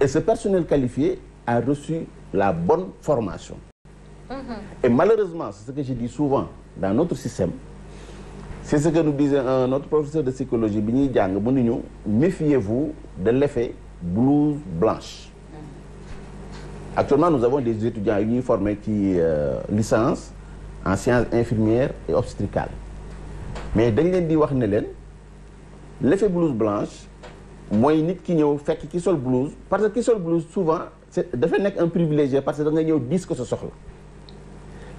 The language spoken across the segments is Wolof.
Et ce personnel qualifié a reçu la bonne formation. Mhm. Et malheureusement, c'est ce que je dis souvent dans notre système, c'est ce que nous disait notre professeur de psychologie, Bini Diang méfiez-vous de l'effet blouse blanche. Actuellement, nous avons des étudiants uniformés qui euh, licence en sciences infirmières et obstétricales. Mais l'effet blouse blanche, mooy nit ki ñëw fait ki sol blouse parce que ki sol blouse souvent c'est dafa nekk un privilégié parce que da nga ñëw disque ce sa soxla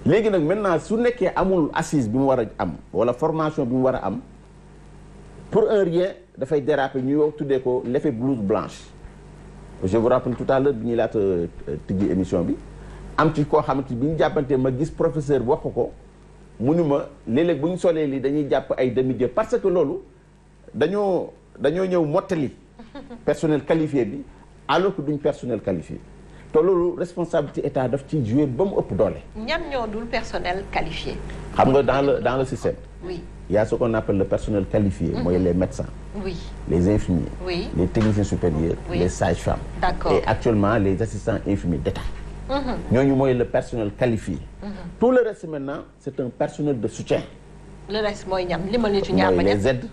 léegi nag maintenant su nekkee amul assise bi mu war a am wala formation bi mu am pour un rien fait déraper ñuy wax tuddee ko l'effet blouse blanche je vous rappelle tout à l'heure bi ñuy laata euh, émission bi am ci koo xamante bi ñu ma gis professeur wax ko mu ni ma léeg-léeg bu ñu dañuy japp ay demi-dieu parce que lolu dañoo dañoo ñew mottali personnel qualifié alors que duñ personnel qualifié te loolu responsabilité état daf ci jouer ba mu ëpp doole. personnel qualifié. dans le dans le système. oui il y a ce qu'on appelle le personnel qualifié. Mm-hmm. mooy les médecins. oui les infirmiers. oui les techniciens supérieurs. les sages-femmes. et actuellement les assistants infirmiers d'État. Mm-hmm. ñooñu avons le personnel qualifié. Mm-hmm. tout le reste maintenant c'est un personnel de soutien. le reste mooy ñam les aides.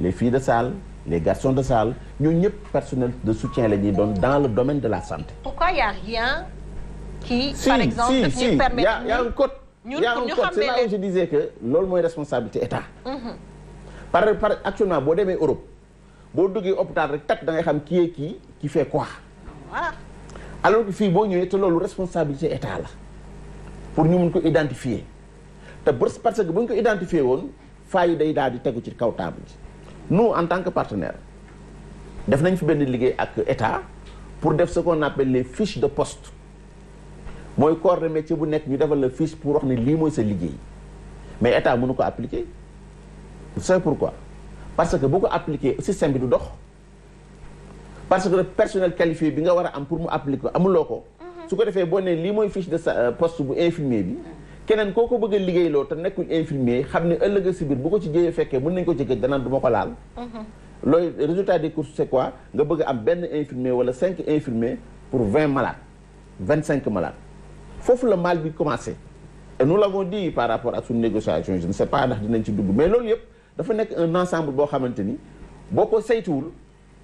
les filles de salle les garçons de salle ñooñu ñëpp personnel de soutien la dans le domaine de la santé. pourquoi il y a rien qui. par exemple si, si. permet y Il y a un code. y a ñu c'est là où je disais que loolu mooy responsabilité état. Mhm. par par actuellement boo demee Europe boo duggee hôpital rek tak da ngay xam qui est qui qui fait quoi. alors que si boo nous te responsabilité état là. pour nous identifier parce que si on ko identifier il faut que day daal di tegu ci nous en tant que partenaires, nous devons fi avec à pour ce qu'on appelle les fiches de poste mooy corps de métier bu nous ñu defal fiche pour wax ne peut pas sa mais état appliquer vous savez pourquoi parce que beaucoup ko appliquer système bi du dox parce que le personnel qualifié bi nga war pas am appliquer Si vous avez fait ko defee fiche de euh, poste pour infirmier mhm kenen koo ko bëgg a liggéeyloo te nekkul infirmier xamni ne ci bir bu ko ci jëyee féké mën nañ ko ci gëj danaan du ko laal mhm. looy résultat des courses c'est quoi nga bëgg am ben infirmier wala 5 infirmiers pour 20 malades 25 malades fofu le mal bi commencé et nous l'avons dit par rapport à son négociation je ne sais pas ndax dinañ ci dugg mais lool yëpp dafa nekk un ensemble bo xamanteni boko boo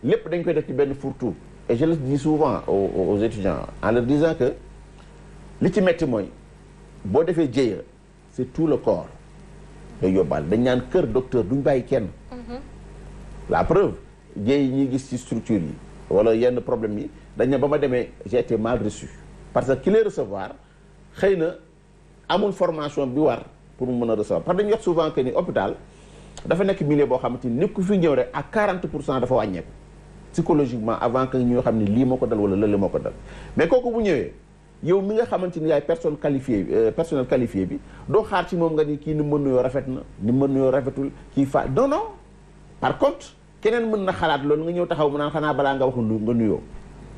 lepp dañ koy def ci benn fourre-tout et je le dis souvent aux, aux étudiants en leur disant que li ci metti mooy bo defee djeyé c'est tout le corps day yóbbaale dañ naan cœur, docteur duñ baye kenn mm-hmm. la preuve djey yi ñuy gis ci structure yi wala yenn problème yi dañ ne bama démé j'ai été mal reçu parce que qui lay recevoir xeyna amul formation bi war pour mu mën recevoir parce que dañ wax souvent que ni hôpital dafa nek milieu bo xamanteni ni fi ñëw rek à 40 dafa wàññeeku psychologiquement avant que ñu xamni li lii dal wala lële moo ko dal mais kooku bu ñëwee yow mi nga xamante ni yaay personne qualifié euh, personnel qualifié bi do xaar ci mom nga ni ki ni meun nuyoo rafet na ni mën nuyoo rafetul ki fa non non par contre keneen meun na xalaat loolu nga ñew taxaw mu naan xanaa balaa nga waxul nga nuyo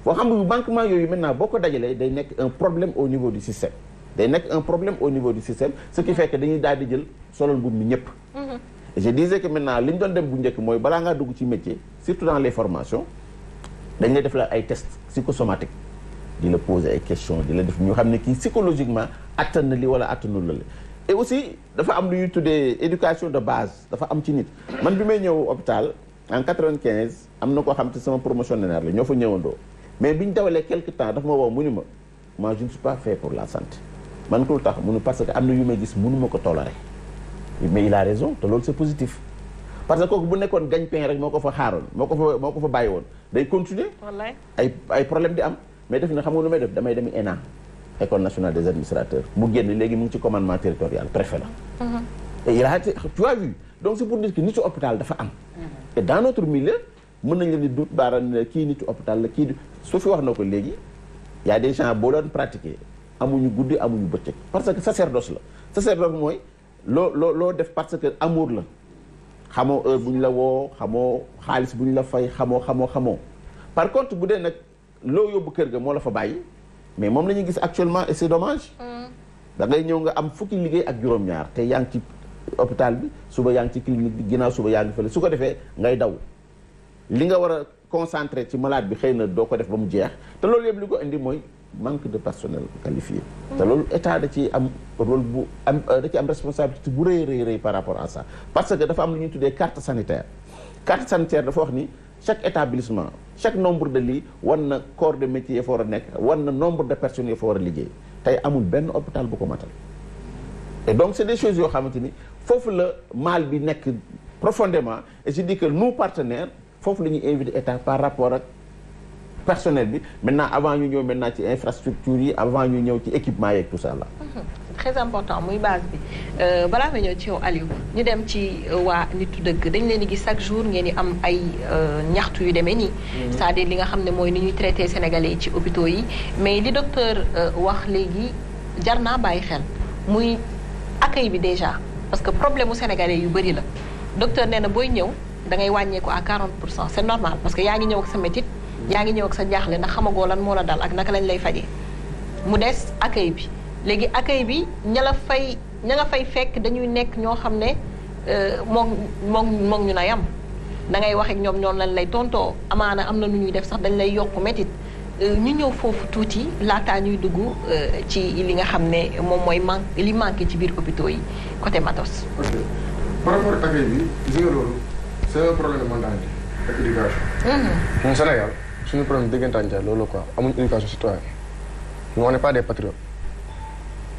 foo xam nga manquement yoyu maintenant boko dajale day nek un problème au niveau du système day nek un problème au niveau du système ce qui fait que dañuy daal di jël solol bu mi ñepp mhm. je disais que maintenant liñ doon dem bu ñëk mooy bala nga dugg ci métier surtout dans les formations dañ lay def la ay tests psychosomatiques di la poser des questions di la def ñu xam ne psychologiquement attan na li wala attanul la et aussi dafa am lu ñuy tuddee éducation de base dafa am ci nit man bi may ñëw hôpital en 95 am na koo xam te sama promotionnaire la ñoo fa ñëwandoo mais bi ñu dawalee quelque temps dafa ma woo mu ni moi je ne suis pas fait pour la santé man ko lu tax mu parce que am na yu may gis mënuma ko tolérer mais il a raison te loolu c'est positif parce que kooku bu nekkoon gagne-pain rek moo ko fa xaaroon moo ko fa moo ko fa bàyyi woon day continuer ay ay problème di am mais def na xam lu may def damay dem ENA école nationale des administrateurs mu génn légui mu ci commandement territorial préfet la mhm. et il a été tu as vu donc c'est pour dire que nitu hôpital dafa am mhm. et dans notre milieu mën nañ leen di duut baaraan ne nitu hôpital la ki su fi wax nako légui il y a des gens bo doon pratiquer amuñu guddé amuñu bëccëg parce que sacerdoce la sacerdoce moy lo lo lo def parce que amour la xamoo heure buñ la woo xamoo xaalis buñ la fay xamoo xamoo xamoo par contre bu dee nag loo yóbbu kër ga à la fa mais mom lañu gis actuellement et c'est dommage. Mm. da ngay ñëw nga am fukki liggéey ak juróom-ñaar te ci hôpital bi suba yaa ngi ci clinique bi ginnaaw suba yaa ngi fële su ko defee ngay daw li nga war a ci malade bi xëy na ko def ba mu jeex te loolu li manque de personnel qualifié. te mm. loolu état da ci am rôle bu euh, da ci am par rapport à ça parce que dafa am lu ñuy tuddee carte sanitaire carte sanitaire dafa wax chaque établissement chaque nombre de lits war na corps de métier fa war a nekk war na nombre de personnes yi fa war a liggéey tey amul benn hôpital bu ko matal et donc c'est de choses yoo xamante ni foofu la mal bi nekk profondément et je dis que nous foofu la ñuy invité état par rapport ak personnel bi maintenant avant ñu ñëw naa ci infrastructure yi avant ñu ñëw ci équipement yeeg tout ça là mm-hmm. très important muy base bi euh, balaa ma ñëw ci yow Aliou ñu dem ci euh, wa nitu deug dañ leen di chaque jour ngeen di am ay euh, ñaxtu yu demee ni mm-hmm. c'est-à-dire li nga xamné moy ni ñuy traité sénégalais ci hôpitaux yi mais li docteur wax légui jarna naa xel muy accueil bi déjà parce que problème sénégalais yu bari la docteur néna boy booy ñëw da ngay wañé ko à 40 c'est normal parce que yaangi ngi ñëw ak sa métit yaangi ngi ñëw ak sa jaaxle ndax xamago lan moo la dal ak naka lañ lay fajee mu dess accueil bi. léegi accueil bi ña fay ña nga fay fekk dañuy nekk ñoo xam ne moom euh, moom moom ñu na yam dangay ngay wax ak ñoom ñoom lañ lay tontoo amaana am na nu ñuy def sax dañ lay yokk métit euh, ñu ñëw foofu tuuti laataa ñuy dugg euh, ci li nga xam ne moom mooy man li manqué ci biir hôpitaux yi côté Matos. ok par rapport ak accueil bi gis nga loolu c'est un problème de mentalité ak éducation. ñun mm-hmm. Sénégal suñu problème déggantaan ja loolu quoi amuñ éducation citoyenne on n'est pas des patriotes.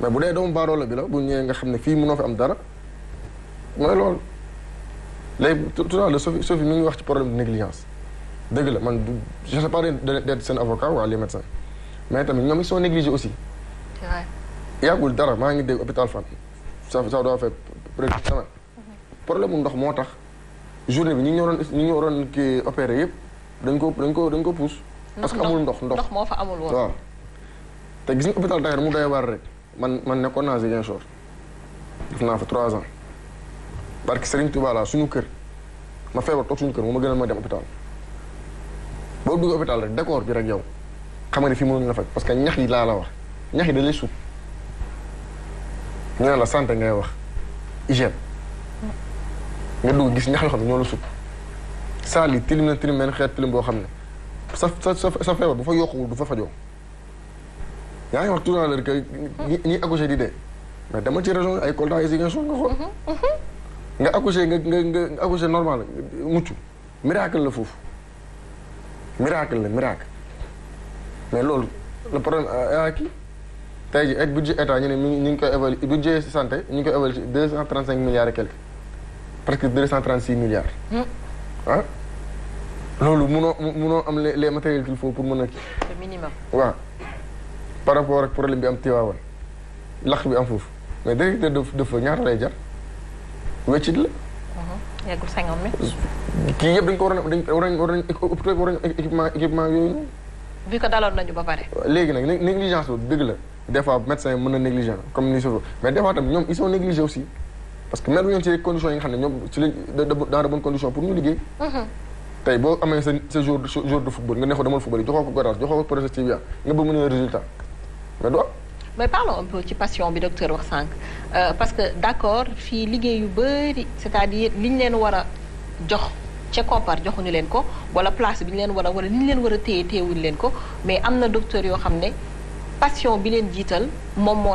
mais bu dee doomu baaroola bi la bu ñé nga xamné fi mëno fi am dara moy lool lay tout à l'heure sofi Sophie mi ngi wax ci problème de négligence deug la man je sais pas d'être sen avocat wala les médecins mais tamit ñom ils sont négligés aussi. waaw yàggul dara ma ngi dégg hôpital fan ça ça doit faire près de semaine problème ndox motax journée bi ñi ñu ñi ñu ki kii opéré yëpp dañ ko dañ ko dañ ko pousse. parce que amul ndox ndox mo fa amul woon waaw. te gis nga hôpital Dakar mu doy war rek. man man nekkoon naa Ziguinchor def naa fa trois ans barki Serigne Touba la suñu kër ma feebar toog suñu kër moo ma gënal ma dem hôpital boo dugg hôpital rek décor bi rek yow xam nga ne fii mënuñ la faj parce que ñax yi laa la wax ñax yi da lay suut ne la santé ngay wax hygiène nga dugg gis ñax yoo xam ne ñoo la suut saal tilim na tilim benn xeet tilim boo xam ne sa sa sa feebar bu fa yokkuwul du fa fajoo ñaa ngi wax tout à l'heure que ñi ñi accouché di dee mais dama ci région ay Kolda ay Ziguinchor nga xool. Mm-hmm, mm-hmm. nga accouché normal mucc miracle la foofu miracle la miracle mais loolu le problème à ah, ah, kii tey jii ak budget état ñu ne ñu ngi koy évalué budget santé ñu ngi koy évalué ci deux cent trente cinq milliards et quelques presque deux cent trente six milliards. Mm. ah loolu mënoo mënoo am les les matériels qu'il pour mën a. le minimum par rapport ak problème bi am Tiwaawan lakk bi am foofu mais directeur de dafa ñaata lay jar weccit la. Uh-huh. yeggul cinquante mille. kii yëpp dañ ko waroon dañ bi ko daloon nañu ba pare. léegi nag négligence boobu dëgg la des fois médecin mën na négligent comme ni ñu mais des tam ñoom ils sont aussi parce que même ñoom ci conditions yi nga xam ne ñoom ci lañ dans de bonnes conditions pour ñu liggéey. Uh-huh. tey boo amee sa sa jour de football nga ne ko demal football mais parlons un peu ci passion bi docteur wax euh, parce que d'accord c'est-à-dire liñ leen place biñ mais docteur passion bi leen jital mom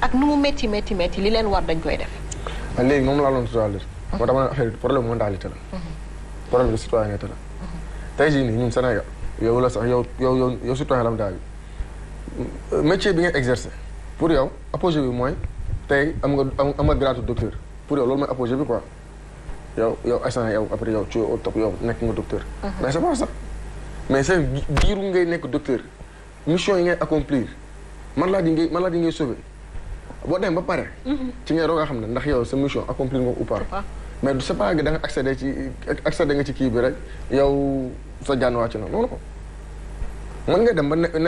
ak li war dañ koy def. Ah, mhm. la problème mhm. la. problème de citoyenneté la. Mhm. ñun la métier bi nga exercer pour yow apogée bi mooy tey am nga am nga grade docteur pour yow loolu mooy apogée bi quoi yow yow instant yow après yow ci au top yow nekk nga docteur. Mhm. mais c' est pas ça mais c'est biiru ngay nekk docteur mission yi ngay accomplir man laa di ngay man laa di ngay sauver boo dem ba pare. Mhm. ci ngay roog a xam ne ndax yow sa mission accomplir nga ou pas. mais du pas que da nga accéder ci accéder nga ci kii bi rek yow sa jaan wàcc na loolu ko mën nga dem ba ne.